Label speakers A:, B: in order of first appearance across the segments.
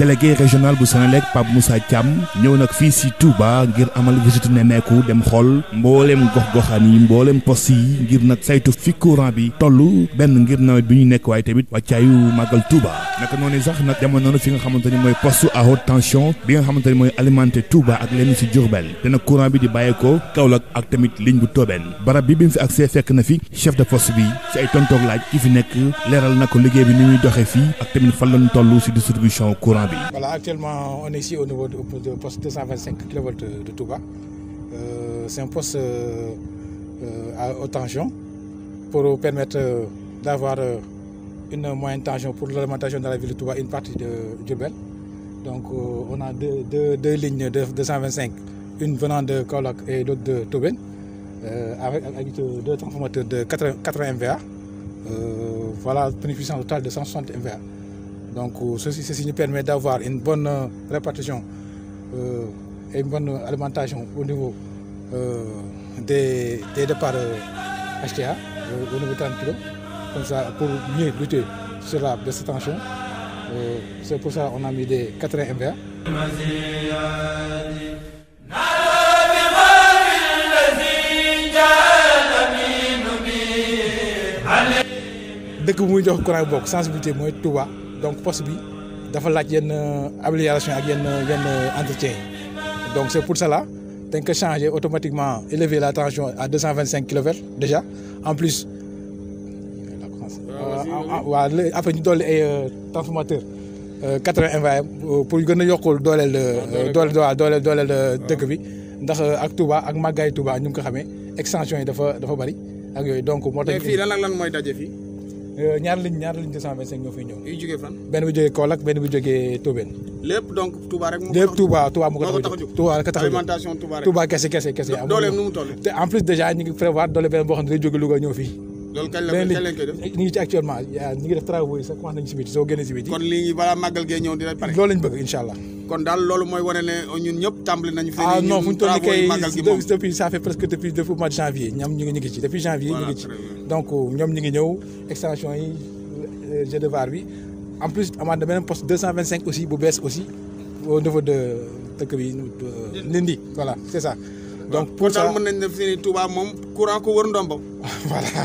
A: délégué régional bu Senelec Pape Moussa Thiam ñëw nag fii si Touba ngir amal visite nemmeeku dem xool mbooleem gox-goxaan yi mbooleem post yi ngir nag saytu fi courant bi toll benn ngir nawet bi ñu nekk waaye tamit wàccaayu màggal Touba naka noonu sax nag jamono noonu fi nga xamante ni mooy post à haute tension bi nga xamante ni mooy alimenté Touba ak lenn si Diourbel dana courant bi di bàyyeekoo Kaolack ak tamit ligne bu Tobène barab bi bi mu fi na fi chef de poste bi si ay tontoog laaj fi nekk leeral na liggéey bi ni muy doxee fii ak tamit fan lañ
B: actuellement on est ici au niveau du poste 225 kV de, Touba euh, c'est un poste euh, euh, à haute tension pour permettre euh, d'avoir une moyenne tension pour l'alimentation de la ville de Touba une partie de Bel. donc on a deux, lignes de 225 une venant de Kaolak et l'autre de Tobin, avec, deux transformateurs de 80, MVA voilà une puissance totale de 160 MVA donc euh, ceci, nous permet d'avoir une bonne euh, répartition euh, et une bonne alimentation au niveau des, départs HTA, au niveau de 30 kg, comme ça pour mieux lutter sur la baisse tension. C'est pour ça qu'on a mis des 80 MVA. sensibilité donc poste bi dafa laaj yenn euh, amélioration ak yenn yenn euh, entretien donc c'est pour cela dañ que changer automatiquement élever la tension à 225 kV déjà en plus ah, euh, après ñu dolli ay transformateur 80 MVA pour gën a yokkul dooleel dolé dolé dolé dooleel ah. dëkk bi ndax ak Touba ak màggaay Touba ñu ko xamé extension yi dafa dafa bari ak yoy donc moo fi lan
C: lan moy dajé fi
B: Euh, ñaar ligne ñaar ligne 225 ñoo fiy ñëw. yu jógee benn bi jógee Kaolack benn bi jógee Tobène.
C: lépp donc Touba rek.
B: mu tax a
C: jóg Touba rek a a kese kese kese. dooleem nu mu toll.
B: te en plus déjà ñu ngi doole benn boo xam ne day jóge Louga ñëw fii. actuellement ñu def travaux yi sax si biti soo génnee si biti.
C: kon lii balaa màggal gee ñëw dina pare. bëgg incha allah kon dal lolou moy wane ne ñun ñëpp tàmbali nañu. fii ah non fu tolli kay depuis ça
B: fait presque depuis depuis mois de janvier ñam ñu ngi ngi ci depuis janvier. ñu ngi ci donc euh, ñom ñu ngi ñëw extension yi euh, euh, je de var bi. en plus amaat na beneen poste 225 aussi bu bees aussi au niveau de dëkk bi Ndindi voilà c'est ça. donc pour ça mën
C: nañu def fii Touba moom courant ko wër ndombo. voilà.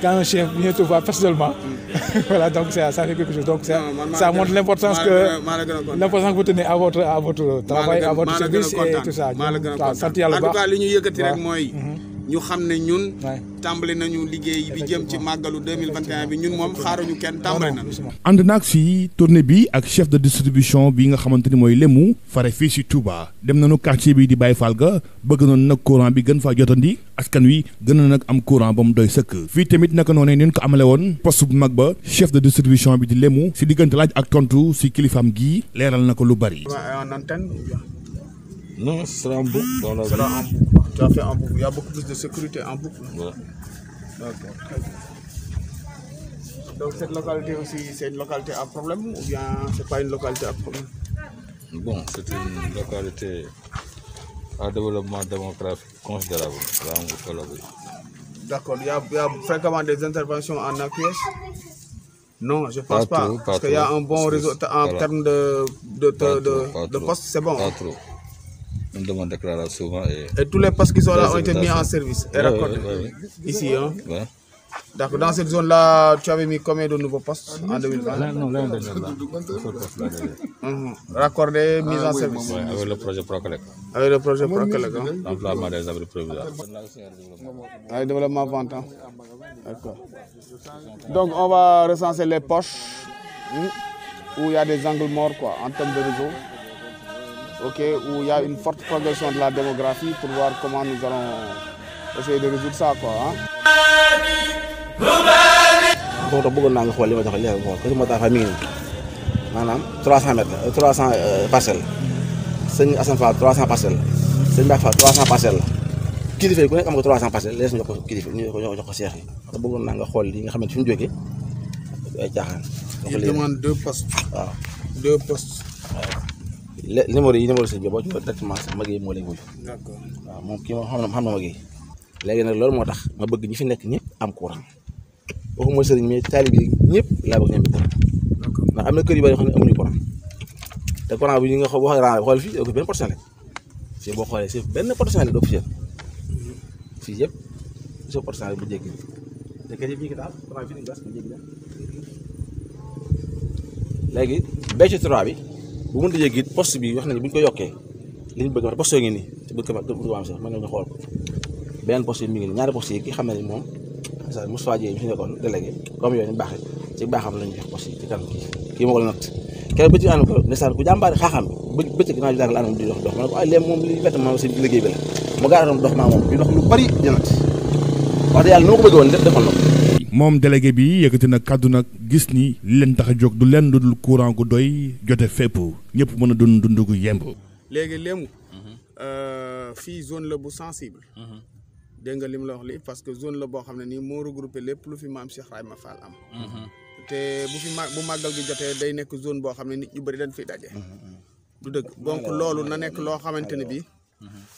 B: quand un chien vient te voir personnellement, mm. voilà, donc ça, ça fait quelque chose. Donc ça, montre l'importance que, l'importance que vous tenez à votre, à votre travail, à votre service et tout ça.
C: En tout cas, ñu xam ne ñun. tàmbali nañu liggéey bi jëm ci màggalu deux mille bi ñun moom xaaruñu kenn tàmbali na.
A: ànd naag fii tournée bi ak chef de distribution bi nga xamante ni mooy lemu fare fii si Touba dem nañu quartier bi di bàyyi Fall ga bëgg noonu nag courant bi gën faa jotandi askan wi gën na nag am courant ba mu doy sëkk. fii tamit naka noonu ne ñu ko amale woon poste bu mag ba chef de distribution bi di lemu si diggante laaj ak tontu si kilifaam gii leeral na ko lu bari.
C: Non, ce sera en boucle dans la sera en boucle. Tu as fait en boucle. Il y a beaucoup plus de sécurité en boucle. Voilà. D'accord, Donc cette localité aussi, c'est une localité à problème ou bien c'est pas une localité à problème Bon, c'est une localité à développement démographique considérable. D'accord, il, y a fréquemment des interventions en acquiesce Non, je ne pense pas. parce qu'il y a un bon réseau en termes de, de, de, postes, c'est bon. Pas trop. Et, tous les postes qui sont là ont été mis en service et raccordés ici. Hein. D'accord. Dans cette zone-là, tu avais mis combien de nouveaux postes en 2020 non, Non, l'un des
A: Raccordé, mise en service. avec le
C: projet Procolec. Avec le projet Procolec. Hein. Avec le développement 20 ans. Hein. D'accord. Donc, on va recenser les poches hmm, où il y a des angles morts quoi, en termes de réseau okay, où il y a une forte progression de la démographie pour voir comment nous allons essayer de résoudre ça. Quoi, hein.
D: 300 mètres 300 euh, euh, parcelles sëñ Assane Fall 300 parcelles sëñ Mbaye Fall 300 parcelles kilifa yi ku nekk am 300 parcelles lees ñu ko kilifa ñu ko jox ko seex yi vous bëggoon naa nga xool yi nga xamante fi ñu ay caaxaan. il demande deux postes. Ah.
C: deux postes.
D: numéro yi numéro sëñ bi boo ci woo moo lay wuyu waaw moom xam na xam mag yi léegi nag loolu moo tax ma bëgg ñi fi nekk ñëpp am courant waxuma sëriñ mais taalib yi ñëpp laa bëgg ñu am courant ndax am na kër yu bari yoo xam ne amuñu courant te courant bi ñu nga wax xool fii ko benn portion fii boo xoolee si benn portion la doo fi mm-hmm. fii yëpp so portion rek bu jéggi te kër yëpp ñu trois bi bu mënut a yëg it poste bi wax nañu bu ñu ko yokkee li ñu bëgg a wax poste ngi nii ci biir kër bu am ngi nii ñaari poste yi xam ne ni moom sa Moustapha Dieye mi fi nekkoon délégué comme yooyu ñu baaxee ci baaxam ma ne ko ay ah, léegi moom li vêtement si liggéey bi la mu gaara doon dox maa moom di dox lu bari di natt wax dëgg yàlla ni ma ko bëgg woon lépp
A: moom délégué bi yëkkati na kàddu nag gis ni li leen tax a jóg du leen dul courant gu doy jote fépp ñëpp mën a dund dund gu yemb.
C: léegi léemu. Euh, fii zone la bu sensible. dégg nga li mu la wax li parce que zone la boo xam ne nii moo regroupe lépp lu fi maam si Cheikh Rahima Fall am. te bu fi ma bu màggal gi jotee day nekk zone boo xam ne nit ñu bëri dañ fi daje. Mm-hmm. du dëgg donc loolu na nekk loo xamante ne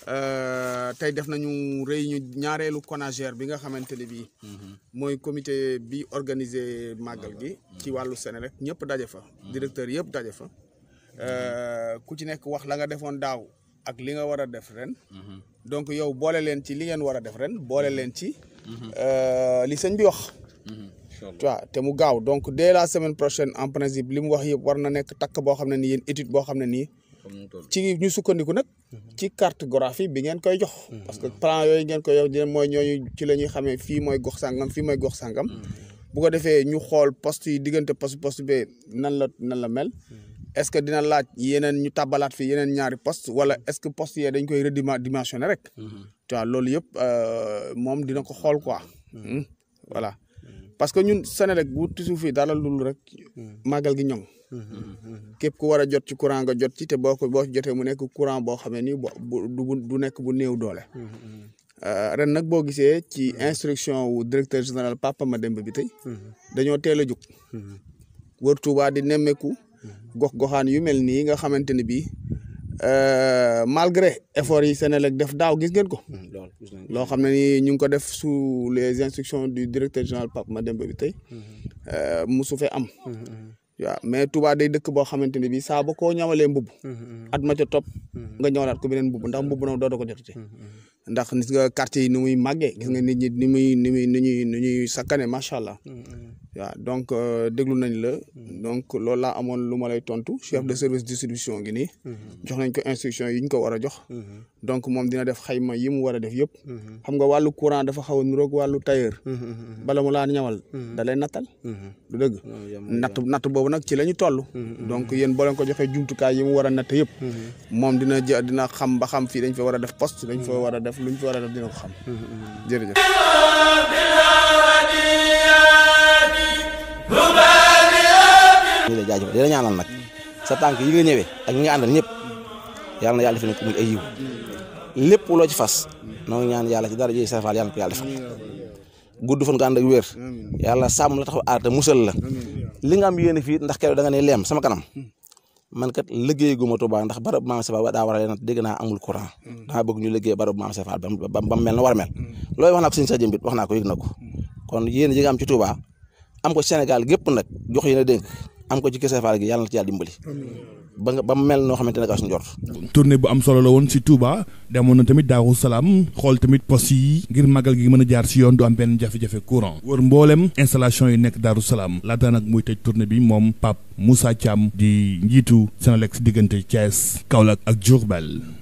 C: Euh, tey def nañu réunion ñaareelu CONAGER bi nga xamante ne bii. Mhm. mooy comité bi organiser màggal gi. ci mhm. wàllu Senelec ñëpp daje fa. Mhm. directeur yëpp daje fa. Euh, ku ci nekk wax la nga defoon daaw ak li nga war a def ren. donc yow boole leen ci li ngeen war a def ren boole leen ci. Euh, li sëñ bi wax. tu te mu gaaw donc dès la semaine prochaine en principe li mu wax yëpp war na nekk takk boo xam ne ni yéen étude boo xam ne ni ci ñu sukkandiku nag ci cartographie bi ngeen koy jox mm-hmm. parce que plan yooyu ngeen koy jox mooy ñooñu ci la ñu xamee fii mooy gox sàngam fii mooy gox sàngam mm-hmm. bu ko defee ñu xool post yi diggante post poste bi nan la nan la mel mm-hmm. est-ce que dina laaj yeneen ñu tàbbalaat fi yeneen ñaari poste wala est-ce que post yee dañ koy redimensionné rek tu a loolu yëpp euh, moom dina ko xool quoi hmm? voilà parce que ñun Senelec bu fi dara lul rek màggal gi ñoŋ. képp ku war a jot ci courant nga jot ci te boo ko boo jotee mu nekk courant boo xamee ni bu du nekk bu néew doole. Euh, ren nag boo gisee ci instruction wu directeur général ma Mademba bi tey. dañoo teel a jóg. wër Tuuba di nemmeeku. gox goxaan yu mel nii nga xamante ne bii. Euh, malgré effort yi Senelec def daaw gis ngeen ko. Hmm, loo xam ne ni ñu ngi ko def su les instructions du directeur ma dem Mademba bi tey. Hmm, euh, musu fee am. Hmm. waaw mais Touba dey dëkk boo xamante ne bii saa ba koo ñamalee mbubb at ma top topp nga ñëwalaat ko beneen mbubb ndax mbubb noonu doo ko jotati ndax ni nga quartier yi nu muy màggee gis nga nit ñi ni muy ni muy ni ñuy ni ñuy sakkane macha allah waaw donc euh, déglu nañ la. Mm-hmm. donc loolu laa amoon lu ma lay tontu. chef de mm-hmm. service distribution gi nii. Mm-hmm. jox nañ ko instruction yi ñu ko war a jox. donc moom dina def xayma yi mu war a def yëpp. xam nga wàllu courant dafa xaw a niroog wàllu tailleur. bala mu laa ñawal. da lay nattal. du dëgg natt natt boobu nag ci la ñu toll. donc yéen boo leen ko joxee jumtukaay yi mu war a natt yëpp. moom dina jë dina xam ba xam fii dañ fa war a def poste dañ fa war a def luñ fa war a def dina ko xam. jërëjëf.
D: jaajëfal dina ñaanal nag sa tànk yi nga ñëwee ak ñi nga àndal ñëpp yàlla na yàlla defal ko muy ay yiw lépp loo ci fas noo ñaan yàlla ci dara jëy sa faal yàlla ko yàlla defal gudd fan nga ak wér yàlla sàmm la taxaw aar musal la li nga am yéene fii ndax keroog da nga ne leem sama kanam hmm. man kat liggéey gu ma Tuubaa ndax barab maam Seex Faal daa war a leen dégg naa amul courant hmm. dama bëgg ñu liggéey barab maam Seex Faal ba mel na war a mel hmm. loolu wax nak ko sëñ sa jëmbit wax naa ko yëg na ko kon yéen yi nga am ci Tuubaa am ko Sénégal gépp nag jox yéen a am ko ci kese faal gi yàlla na ci yàlla dimbali. ba nga ba mel noo xamante ne kaa su njort.
A: tournée bu am solo la woon si Touba demoon na tamit Daaru Salaam xool tamit post yi ngir magal gi mën a jaar si yoon du am benn jafe-jafe courant wër mboolem installation yi nekk Daaru Salaam laata nag muy tëj tournée bi moom Pape Moussa Thiam di njiitu Senelec si diggante Thiès Kaolack ak Diourbel.